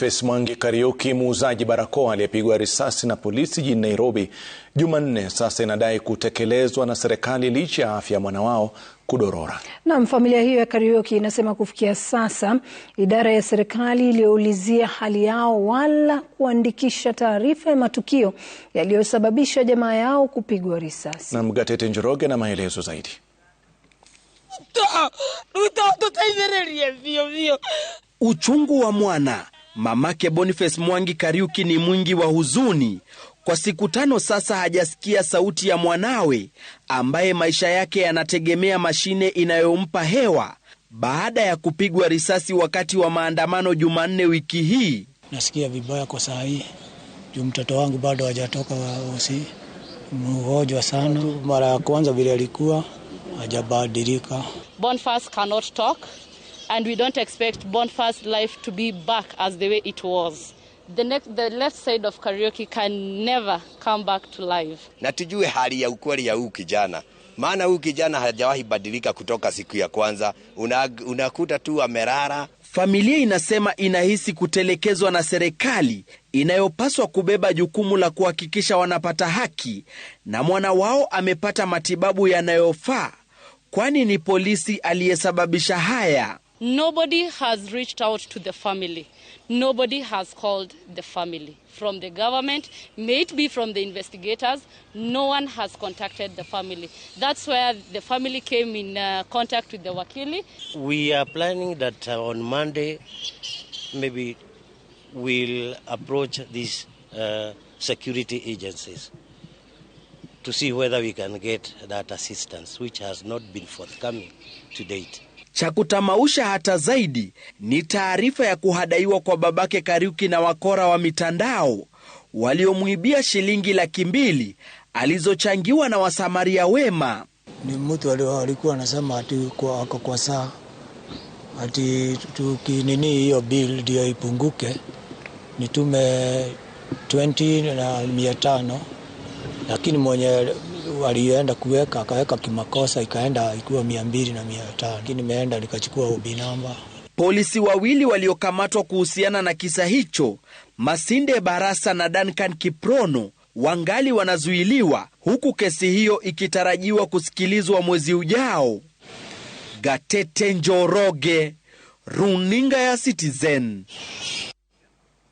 Boniface Mwangi Kariuki, muuzaji barakoa aliyepigwa risasi na polisi jijini Nairobi Jumanne, sasa inadai kutekelezwa na serikali licha ya afya ya mwana wao kudorora. Naam, familia hiyo ya Kariuki inasema kufikia sasa idara ya serikali iliyoulizia hali yao wala kuandikisha taarifa ya matukio yaliyosababisha jamaa yao kupigwa risasi. Naam, Gatete Njoroge na maelezo zaidi. Uchungu wa mwana Mamake Boniface Mwangi Kariuki ni mwingi wa huzuni. Kwa siku tano sasa hajasikia sauti ya mwanawe ambaye maisha yake yanategemea mashine inayompa hewa baada ya kupigwa risasi wakati wa maandamano Jumanne wiki hii. Nasikia vibaya kwa saa hii juu mtoto wangu bado hajatoka wasi mhojwa sana. Mara ya kwanza vile alikuwa hajabadilika. Boniface cannot talk and we don't expect Bonfire's life to be back as the way it was. The, next, the left side of karaoke can never come back to life. Na tujue hali ya ukweli ya huu kijana, maana huu kijana hajawahi badilika kutoka siku ya kwanza. Unakuta una tu amerara. Familia inasema inahisi kutelekezwa na serikali inayopaswa kubeba jukumu la kuhakikisha wanapata haki na mwana wao amepata matibabu yanayofaa, kwani ni polisi aliyesababisha haya. Nobody has reached out to the family. Nobody has called the family. From the government, may it be from the investigators, no one has contacted the family. That's where the family came in uh, contact with the Wakili. We are planning that uh, on Monday, maybe we'll approach these uh, security agencies. to see whether we can get that assistance which has not been forthcoming to date. Cha kutamausha hata zaidi ni taarifa ya kuhadaiwa kwa babake Kariuki na wakora wa mitandao waliomwibia shilingi laki mbili alizochangiwa na wasamaria wema. Ni mtu alikuwa anasema ati kwa, ako kwa saa ati tukinini hiyo bill ndio ipunguke nitume 20 na mia tano lakini mwenye walienda kuweka akaweka kimakosa, ikaenda ikiwa mia mbili na mia tano lakini imeenda likachukua ubinamba. Polisi wawili waliokamatwa kuhusiana na kisa hicho, Masinde Barasa na Duncan Kiprono, wangali wanazuiliwa huku kesi hiyo ikitarajiwa kusikilizwa mwezi ujao. Gatete Njoroge, runinga ya Citizen.